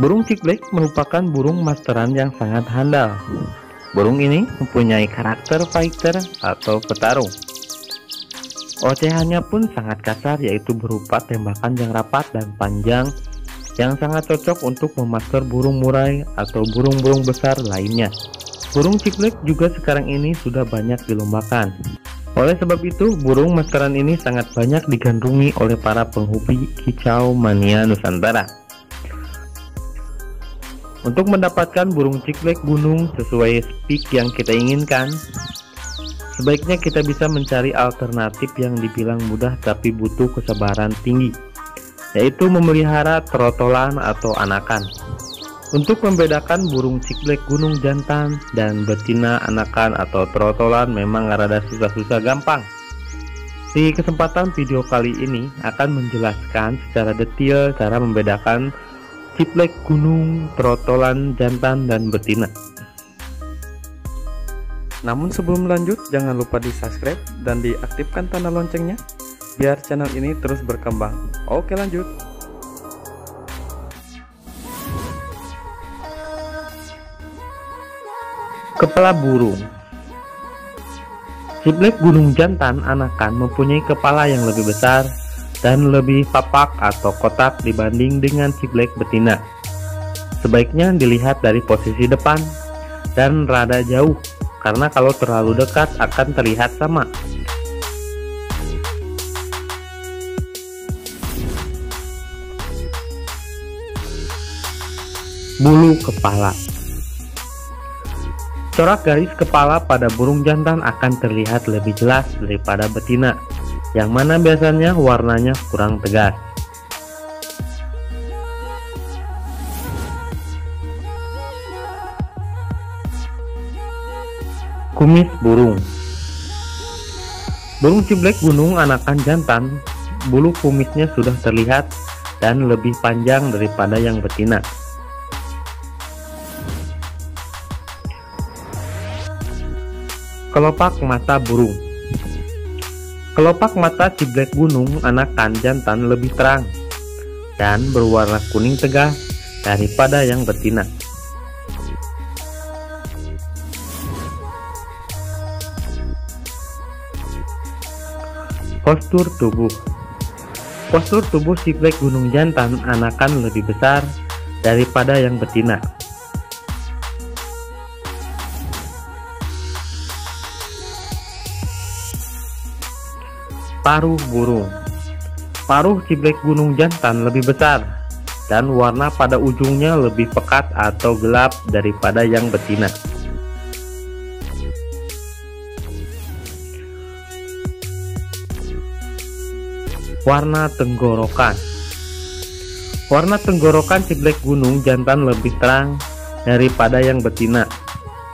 Burung ciblek merupakan burung masteran yang sangat handal. Burung ini mempunyai karakter fighter atau petarung. Ocehannya pun sangat kasar yaitu berupa tembakan yang rapat dan panjang yang sangat cocok untuk memaster burung murai atau burung-burung besar lainnya. Burung ciblek juga sekarang ini sudah banyak dilombakan. Oleh sebab itu, burung masteran ini sangat banyak digandrungi oleh para penghobi kicau mania Nusantara. Untuk mendapatkan burung ciklek gunung sesuai speak yang kita inginkan, sebaiknya kita bisa mencari alternatif yang dibilang mudah tapi butuh kesabaran tinggi, yaitu memelihara trotolan atau anakan. Untuk membedakan burung ciklek gunung jantan dan betina anakan atau trotolan memang rada susah-susah gampang. Di kesempatan video kali ini akan menjelaskan secara detail cara membedakan Triplek gunung, trotolan, jantan, dan betina. Namun sebelum lanjut, jangan lupa di subscribe dan diaktifkan tanda loncengnya, biar channel ini terus berkembang. Oke lanjut. Kepala burung Triplek gunung jantan anakan mempunyai kepala yang lebih besar dan lebih papak atau kotak dibanding dengan ciblek betina. Sebaiknya dilihat dari posisi depan dan rada jauh karena kalau terlalu dekat akan terlihat sama. Bulu kepala Corak garis kepala pada burung jantan akan terlihat lebih jelas daripada betina yang mana biasanya warnanya kurang tegas. Kumis burung Burung ciblek gunung anakan jantan, bulu kumisnya sudah terlihat dan lebih panjang daripada yang betina. Kelopak mata burung Kelopak mata ciblek gunung anak tan jantan lebih terang dan berwarna kuning tegas daripada yang betina. Postur tubuh Postur tubuh ciblek gunung jantan anakan lebih besar daripada yang betina paruh burung. Paruh ciblek gunung jantan lebih besar dan warna pada ujungnya lebih pekat atau gelap daripada yang betina. Warna tenggorokan Warna tenggorokan ciblek gunung jantan lebih terang daripada yang betina,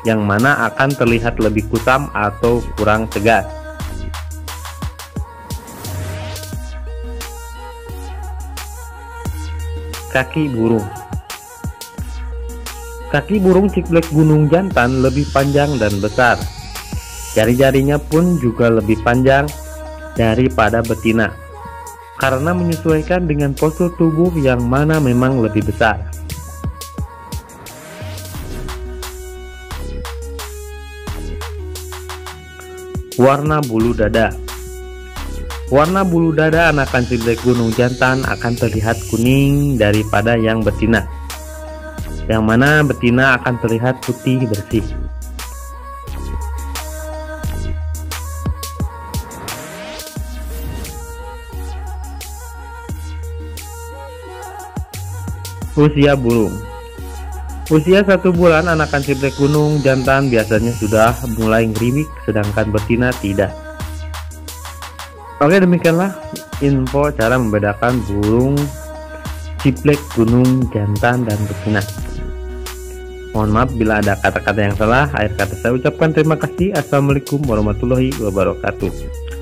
yang mana akan terlihat lebih kusam atau kurang tegas. kaki burung. Kaki burung ciblek gunung jantan lebih panjang dan besar. Jari-jarinya pun juga lebih panjang daripada betina karena menyesuaikan dengan postur tubuh yang mana memang lebih besar. Warna bulu dada Warna bulu dada anak anjing gunung jantan akan terlihat kuning daripada yang betina. Yang mana betina akan terlihat putih bersih. Usia burung Usia satu bulan anakan ciblek gunung jantan biasanya sudah mulai ngerimik sedangkan betina tidak. Oke demikianlah info cara membedakan burung ciplek, gunung, jantan, dan betina. Mohon maaf bila ada kata-kata yang salah. Akhir kata saya ucapkan terima kasih. Assalamualaikum warahmatullahi wabarakatuh.